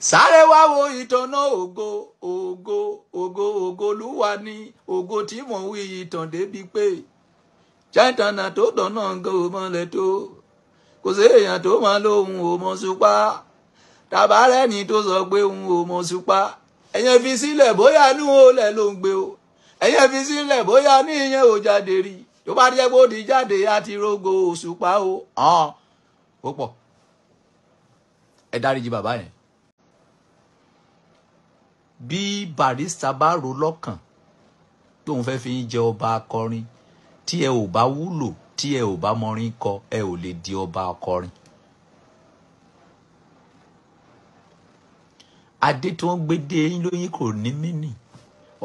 sáré wá wo ìtànà ògo ògo ògo ògo lúwa ní ògo tí mò ń wí ìtàn débi pé chaitana tó dọ̀nà nǹkan ò mọ̀lẹ̀ tó kò sí èèyàn tó máa lóhun ò mọ̀ súpá tàbárẹ́ni tó sọ pé òun ò mọ̀ súpá ẹ̀yẹn fi sílẹ̀ bóyá inú olè ló ń gbé o ẹ̀yẹn fi sílẹ̀ bóyá ní ìyẹn ò jáde rí tó bá jẹ́ kó di jáde àti rogo òṣùpá o hàn ó pọ̀ ẹ dáríji bàbá yẹn bí Barrister bá rò lọ́kàn tóun fẹ́ fi yín jẹ ọba akọrin tí ẹ ò bá wúlò tí ẹ ò bá mọrin kọ ẹ ò lè di ọba akọrin. adé tí wọ́n gbé dé yín lóyún kò ní mínì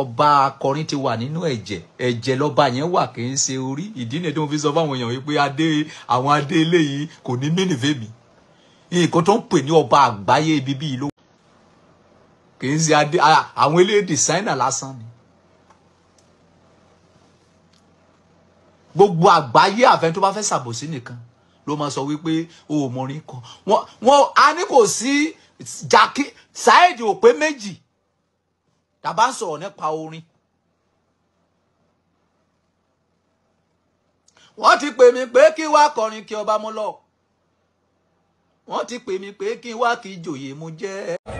ọba akọrin ti wà nínú ẹ̀jẹ̀ ẹ̀jẹ̀ lọ́ba yẹn wà kì í ṣe orí ìdí nìyẹn tí mo fi sọ fáwọn èèyàn wípé adé àwọn adé eléyìí kò ní mínì fèmí nǹkan tó ń pè ní ọba àgbáyé ibi bíi ló kì í ṣe adé àwọn eléyìí dìsáínà lásán ni. gbogbo àgbáyé àfẹn tó bá fẹ́ ṣàbòsí nìkan ló máa sọ wípé o ò mọrin kan wọn a ní kò sí jackie saheed ò pé méjì tàbá ń sọ̀rọ̀ nípa orin. wọ́n ti pè mí pé kí wá kọrin kí ọba mú lọ wọ́n ti pè mí pé kí wá kí joyè mú jẹ́.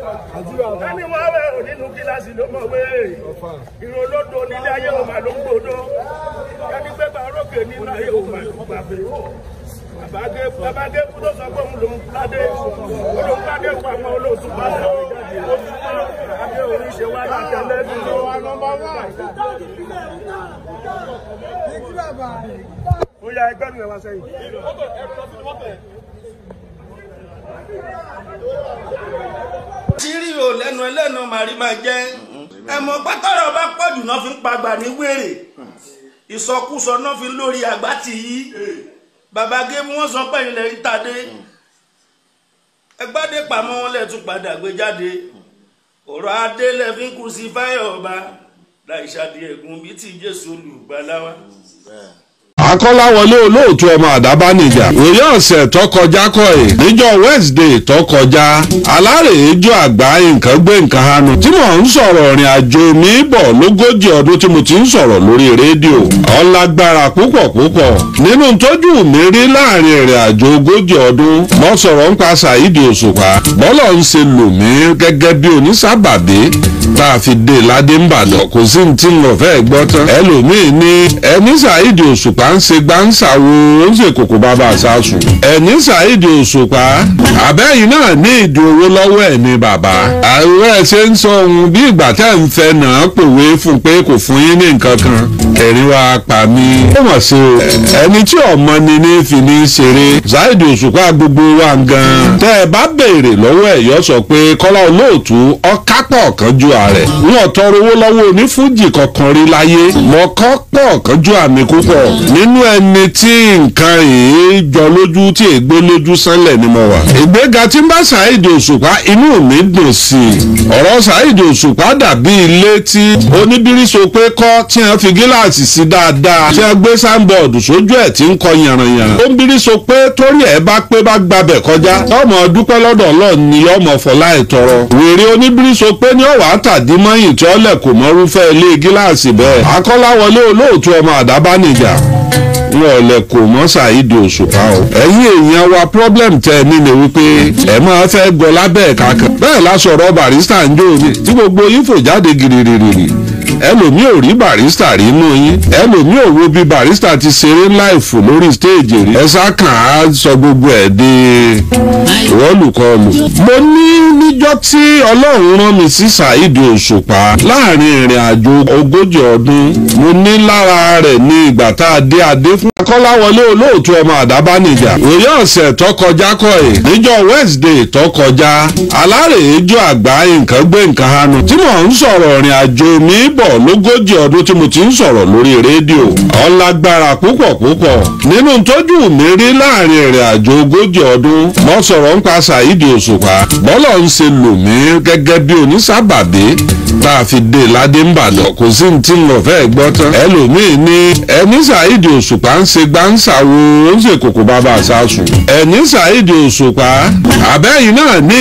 ẹni wọ́n wẹ̀ ò nínú kíláàsì ló mọ̀ wé ìrò lódò nílé ayé òmà ló ń gbòdó ẹni pé bàrókè nínú ayé òmà ló gbàgbé babagé tó sọ pé òun ló ń pàdé ló ń pàdé pa àwọn olóòtú bá lọ oṣù kan abẹ́ oríṣẹ́ wa ní àtẹlẹ́bí ló wà nọ́mbà wà. ó yá ẹgbẹ́ mi ẹ wá sẹ́yìn tírí o lẹ́nu ẹlẹ́nu màrí máa jẹ́ ẹ̀mọ́ pátọ́rọ̀ bá pọ̀jù náà fi ń pagbà ní wèrè ìsọkúsọ náà fi lórí àgbà tì í bàbá gémù wọn sọ pé ilẹ̀ ń tadé ẹgbàdé pamọ́ wọn lẹ́tún padà gbé jáde ọ̀rọ̀ adé lẹ́fi kù sí fáyọ̀ ọba láì ṣàdí ti Jésù olùgbàlà akọ́láwọlé olóòtú ọmọ àdábánijà ìròyìn ọ̀sẹ̀ tọkọjá kọjá kọ́ ẹ̀ níjọ́ wednesday tó kọjá alárèéjọ àgbà nǹkan gbé nǹkan hanu tí mò ń sọ̀rọ̀ ìrìn àjò mi bọ̀ lógójì ọdún tí mo ti ń sọ̀rọ̀ lórí rédíò ọ̀làgbára púpọ̀ púpọ̀ nínú tójú mi rí láàrin ìrìn àjò ogójì ọdún mo sọ̀rọ̀ ń pa Saheed Òṣùpá bọ́lọ̀ ń ṣe lò mí gẹ́gẹ́ bí onísábàbí tá a fi de ládé ńbàdàn kò sí ní tí ń lọ fẹ́ gbọ́ tán ẹlòmíín ni ẹni Saheed Òṣùpá ń ṣe gbáǹsà wo ó ń ṣe kòkò bàbá àṣàṣù ẹni Saheed Òṣùpá àbẹ́yìn náà ní ìdúró lọ́wọ́ ẹ̀ ní bàbá àwọn ẹ̀ ṣe ń sọ ohun bí ìgbà tẹ́ ń fẹ́ náà pòwe fún pé kò fún yín ní nǹkan kan wa pa gbogbo wa gan tẹ́ ẹ bá béèrè lọ́wọ́ sọ pé kọ́lá olóòtú kan ju nípa rẹ̀. wọn tọrọ owó lọ́wọ́ onífújì kankan rí láyé mọ̀kọ́ pọ̀ kánjú àmì púpọ̀ nínú ẹni tí nǹkan yìí jọ lójú tí ègbé lójú sánlẹ̀ ni mo wà. ìgbéga tí ń bá Saheed Òṣùpá inú mi dùn sí i ọ̀rọ̀ Saheed Òṣùpá dàbí ilé tí oníbíríṣo pé kọ́ tí wọ́n fi gíláàsì sí dáadáa tí wọ́n gbé sáńbọ̀dù sójú ẹ̀ tí ń kọ yànrànyànràn. ó ń bíríṣo pé torí ẹ̀ bá pé bá gbabẹ̀ kọjá tọ́mọ dúpẹ́ lọ́dọ̀ Ọlọ́run ni ọmọ fọlá ẹ̀ tọrọ wèrè oníbíríṣo pé ní ọ̀wá látàdímọ́yìn tí ọlẹ̀ kò mọ́rúfẹ́ ilé gíláàsì bẹ́ẹ̀ akọ́láwọlé olóòtú ọmọ àdábánijà wọn ò lè kò mọ́ ṣàìdí òṣùpá o. ẹ̀yin èèyàn wa problem tẹ ẹ nílé wípé ẹ máa fẹ́ gọ lábẹ́ ẹ̀ka bẹ́ẹ̀ la sọ̀rọ̀ barista ń jó ni tí gbogbo yín fò jáde gìrìrìrì ẹlòmíì ò rí barista rí nú yín ẹlòmíì ò wo bí barista ti ṣeré láìfò lórí stéèjì rí ẹ sá kàn á sọ gbogbo ẹ̀ di ìwọ́lùkọlù. mo ní níjọ́ tí ọlọ́run rán mi sí Saheed Òṣùpá láàrin ìrìn àjò ogójì ọdún mo ní lára rẹ ní ìgbà tá a dé adé fún akọ́láwọlé olóòtú ọmọ àdábánijà òye ọ̀sẹ̀ tó kọjá kọ́ ẹ̀ níjọ́ Wednesday tó kọjá alárèéjọ àgbà nǹkan gbé nǹkan hanu tí mò ń sọ̀rọ̀ ìrìn àjò mi bọ̀ lógójì ọdún tí mo ti ń sọ̀rọ̀ lórí rédíò gbara púpọ̀ púpọ̀ nínú tójú mi rí láàrin ìrìn àjò ogójì ọdún mo sọ̀rọ̀ nípa Saheed Òṣùpá bọ́lọ̀ ń ṣe lò mí gẹ́gẹ́ bí tá a fi dé ládé ń kò sí ti Saheed Òṣùpá ń ṣe wo ó ń ṣe Saheed Òṣùpá àbẹ́yìn náà ní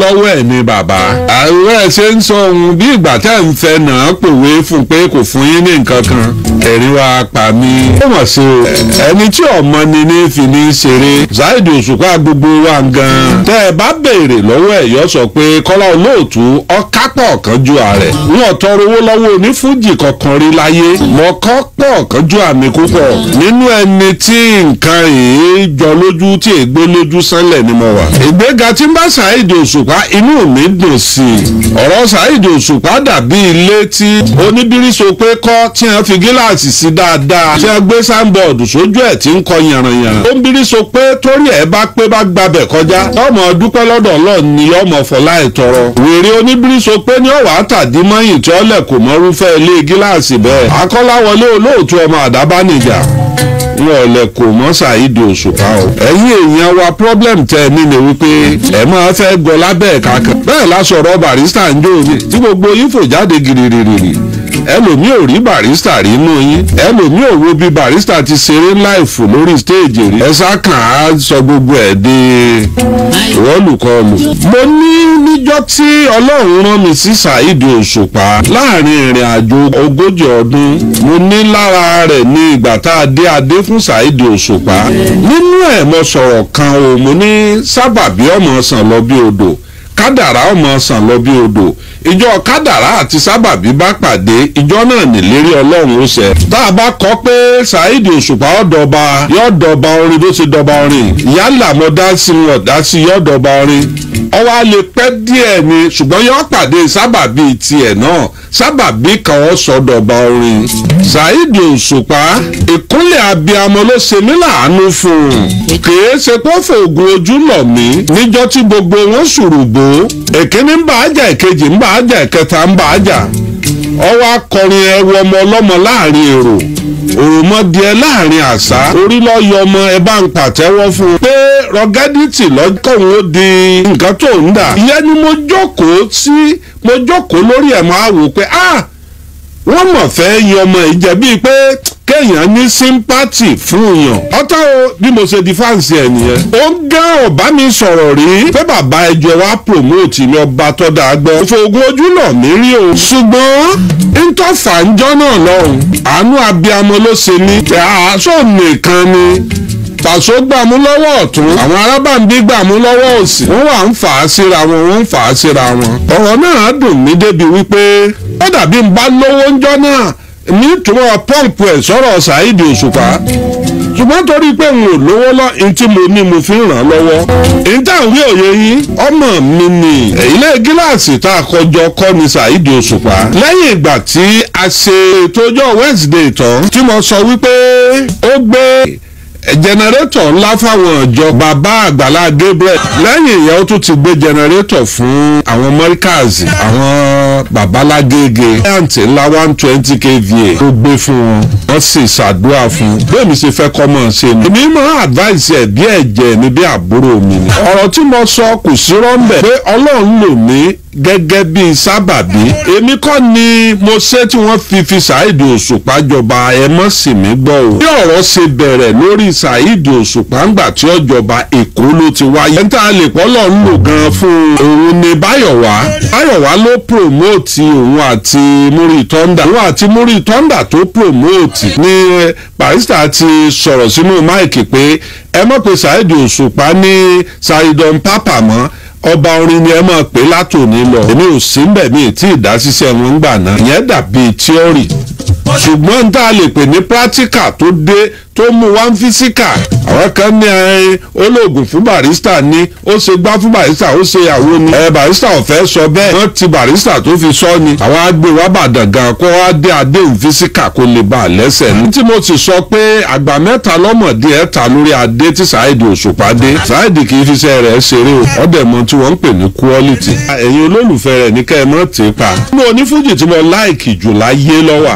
lọ́wọ́ ẹ̀mí bàbá ẹ̀ ṣe ń sọ ohun bí ìgbà kọ̀wé fún pé kò fún yín ní nǹkan kan ẹ̀rín wa pa mí. ó mọ̀ sí o ẹni tí ọmọ ni ní fi ní ṣeré Saheed Òṣùpá gbogbo wa gan. tẹ́ ẹ bá béèrè lọ́wọ́ ẹ̀ sọ pé Kọ́lá Olóòtú ọ̀kápọ̀ kan ju ààrẹ wọn tọrọ owó lọ́wọ́ onífújì kankan rí láyé mọ̀ọ́kọ́ pọ̀ kan ju àmì púpọ̀ nínú ẹni tí nǹkan èé jọ lójú tí ègbé lójú sánlẹ̀ ni mo wà. ìgbéga tí ń bá Saheed Òṣùpá inú mi dùn sí i ọ̀rọ̀ oníbírí so pé kọ́ tí wọ́n fi gíláàsì sí dáadáa tí wọ́n gbé sáńbọ̀dù sójú ẹ̀ tí ń kọ yànrànyànràn. ó ń bírí so pé torí ẹ̀ bá pé bá gbabẹ̀ kọjá ọmọ dúpẹ́ lọ́dọ̀ Ọlọ́run ni ọmọ fọlá ẹ̀ tọrọ. wèrè oníbírí so pé ní ọ̀wá tàdí mọ́yìn tí ọlẹ̀ kò mọ́rúfẹ́ ilé gíláàsì bẹ́ẹ̀. akọ́láwọlé olóòtú ọmọ àdábánijà ọ̀rọ̀ ọ̀lẹ̀ kò mọ́ Saheed Òṣùpá o. ẹ̀yin èèyàn wa problem tẹ ní ni wípé ẹ máa fẹ́ gọ lábẹ́ ẹ̀ka kan. bẹ́ẹ̀ la sọ̀rọ̀ barista ń jó ni tí gbogbo yín fò jáde gìrìrìrì ẹlòmíì ò rí barista rí nú yín ẹlòmíì ò wo bí barista ti ṣeré láìfò lórí stéèjì rí ẹ sá kàn á sọ gbogbo ẹ̀ di ìwọ́lùkọlù. mo ní níjọ́ tí ọlọ́run rán mi sí Saheed Òṣùpá láàrin ìrìn àjò ogójì ọdún mo ní lára rẹ̀ ní ìgbà tá a dé adé fún Saheed Òṣùpá nínú ẹ̀ mo sọ̀rọ̀ kan o mo ní sábàbí ọmọ sàn lọ bí odò kádàrá ọmọ sàn lọ bí odò ìjọ kádàrá àti sábàbí bá pàdé ìjọ náà nìlérí ọlọ́run ó ṣẹ. tá a bá kọ pé saheed òṣùpá ọ̀dọ̀ba yọ̀ọ̀dọ̀ba orin ló ti dọ̀ba orin yálà mo dá sí wọn dá sí yọ̀ọ̀dọ̀ba orin. ó wá pẹ́ díẹ̀ ni ṣùgbọ́n yọ pàdé sábàbí tiẹ̀ náà sábàbí kan ó sọ dọ̀ba orin. Saheed Òṣùpá ìkúnlẹ̀ abiyamọ ló ṣe mí láàánú fún un kìí ṣe pé ó ojú lọ mí níjọ tí gbogbo wọn ń bà á jà èkejì ń bà á jà ń bà á ọmọ ọlọ́mọ láàrin èrò òmòdì ẹ láàrin àṣà orí lọ yọ ọmọ ẹ bá ń fún un pé rọgẹ́dìtì lọ́kọ̀ọ́hún ó di nǹkan tó ń dà ìyẹn ni mo jókòó sí mo jókòó lórí ẹ̀ máa wò pé ah wọ́n mọ̀ fẹ́ yan ọmọ ìjẹ́ bíi pé kéèyàn ní sympathy fún yàn. ọ̀tá o bí mo ṣe di fáǹsì ẹ̀ nìyẹn. ó ń ọ̀bá mi sọ̀rọ̀ rí. pé bàbá ẹjọ́ wa promote mi ọba tó dáa gbọ́. ìfòògùn ojú náà mi rí o. ṣùgbọ́n ntọ́fà ń jọ́ náà lọ́hùn. àánú abiyamọ ló ṣe ní. àṣọ nìkan ni tàṣó gbàmú lọ́wọ́ ọ̀tún àwọn arábàǹbí gbàmú lọ́wọ́ òsì wọ́n wà ń fà á síra wọn wọ́n ń fà á síra wọn. ọ̀rọ̀ náà dùn mí débi wípé ó dàbí ń bá lówó ńjọ́ náà nítumọ̀ pọ́ǹpù ẹ̀ sọ̀rọ̀ Saheed Òṣùpá ṣùgbọ́n torí pé n ò lówó lọ n tí mo ní mo fi ń ràn lọ́wọ́ níta ìwé òye yìí ọmọ mi ni ilé gíláàsì tá a kọjọ kọ́ ni Saheed Òṣùpá lẹ́yìn ìgbà tí a ṣe ètò ọjọ́ Wednesday tán tí mo sọ wípé ó gbé jẹnẹrétọ̀ eh, ńlá fáwọn ìjọba bá àgbàlá Gabriel lẹ́yìn ìyẹn ó tún ti gbé jẹnẹrétọ̀ fún àwọn mọ́ríkàzì àwọn babalágége àǹtí ńlá one twenty kva ó gbé fún wọn wọ́n sì ṣàdúrà fún bẹ́ẹ̀mi ṣe fẹ́ kọ́ ṣe ni èmi máa advice ẹ̀ bí ẹ̀jẹ̀ mi bí àbúrò mi ni ọ̀rọ̀ tí mo sọ kò sí rọ́ńbẹ̀ pé Ọlọ́run lò mí gẹ́gẹ́ bí sábàbí èmi kọ́ ni mo ṣe tí wọ́n fi fi Saheed Òṣùpá jọba ẹ mọ́ sí mi gbọ́ o. bí ọ̀rọ̀ ṣe bẹ̀rẹ̀ lórí Saheed Òṣùpá ńgbà tí ó jọba Èkó ló ti wáyé. ẹ̀ ń ta lè ń lò gan-an fún òun ni Báyọ̀wá. Báyọ̀wá ló promote òun àti Muri Thunder. òun àti Muri Thunder tó promote ni eh, barista ti sọ̀rọ̀ sínú máìkì pé ẹ mọ̀ pé Saheed Òṣùpá ní Saheed on Papa mọ́ ọba orin ni ẹ máa pè látòní lọ èmi ò sí ń bẹ̀ mí tí ìdásíṣẹ́ wọn ń gbà náà ìyẹn dàbí tíọ́rì ṣùgbọ́n tá a lè pè ní pírátíkà tó dé tó mú wá ń físíkà àwọn kan ní ẹyin olóògùn fún barista ni ó ṣe gbá fún barista ó ṣe ìyàwó ni ẹ barista ò fẹ́ sọ bẹ́ẹ̀ wọ́n ti barista tó fi sọ ni àwọn agbèwà bàdàn gan kó wá dé adéhùn fisika kó lè ba àlẹ́sẹ̀ ni. tí mo ti sọ pé àgbà mẹ́ta lọ́mọdé ẹ̀ ta lórí adé tí Saheed Òṣùpá dé Saheed kì í fi iṣẹ́ rẹ̀ ṣeré o ọ̀dẹ̀ mọ tí wọ́n ń pè ní quality. ẹ̀yin olólùfẹ́ rẹ̀ ní kẹ́ ẹ mọ̀ tẹ́ pa. nínú onífújì tí mo láìkì jù láyé lọ́wà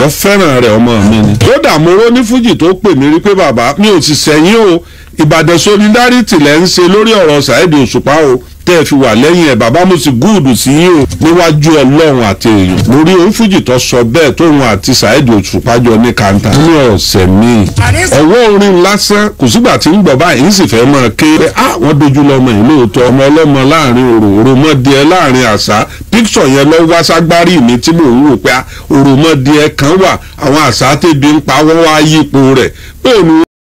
mo fẹ́ràn rẹ̀ ọmọ mi ni. kódà mo ró ní fújì tó pè mí rí pé bàbá mi ò sì sẹ́yìn o ìbàdàn solidarity lẹ́ ń ṣe lórí ọ̀rọ̀ Saheed Òṣùpá o tẹ́ ẹ fi wà lẹ́yìn ẹ̀ bàbá mo sì gúùdù sí yín o níwájú ọlọ́run àti èèyàn lórí onífújì tó sọ bẹ́ẹ̀ tóun àti Saheed Òṣùpá jọ ní kanta ní ọ̀sẹ̀ míì ọwọ́ orin lásán kò sígbà tí ń gbọ̀ báyìí ń sì fẹ́ máa ké pé á ah, wọ́n dojú lọ́mọ yìí lóòótọ́ ọmọ ọlọ́mọ láàrin òròmọdìẹ láàrin àṣà píksọ̀ yẹn lọ wá ságbárì mi tí mò ń wò pé ah, òròmọdìẹ kan wà àwọn àṣà tẹ́bi ń pa wọ́n wá yípo rẹ̀ bẹ́ẹ̀ ni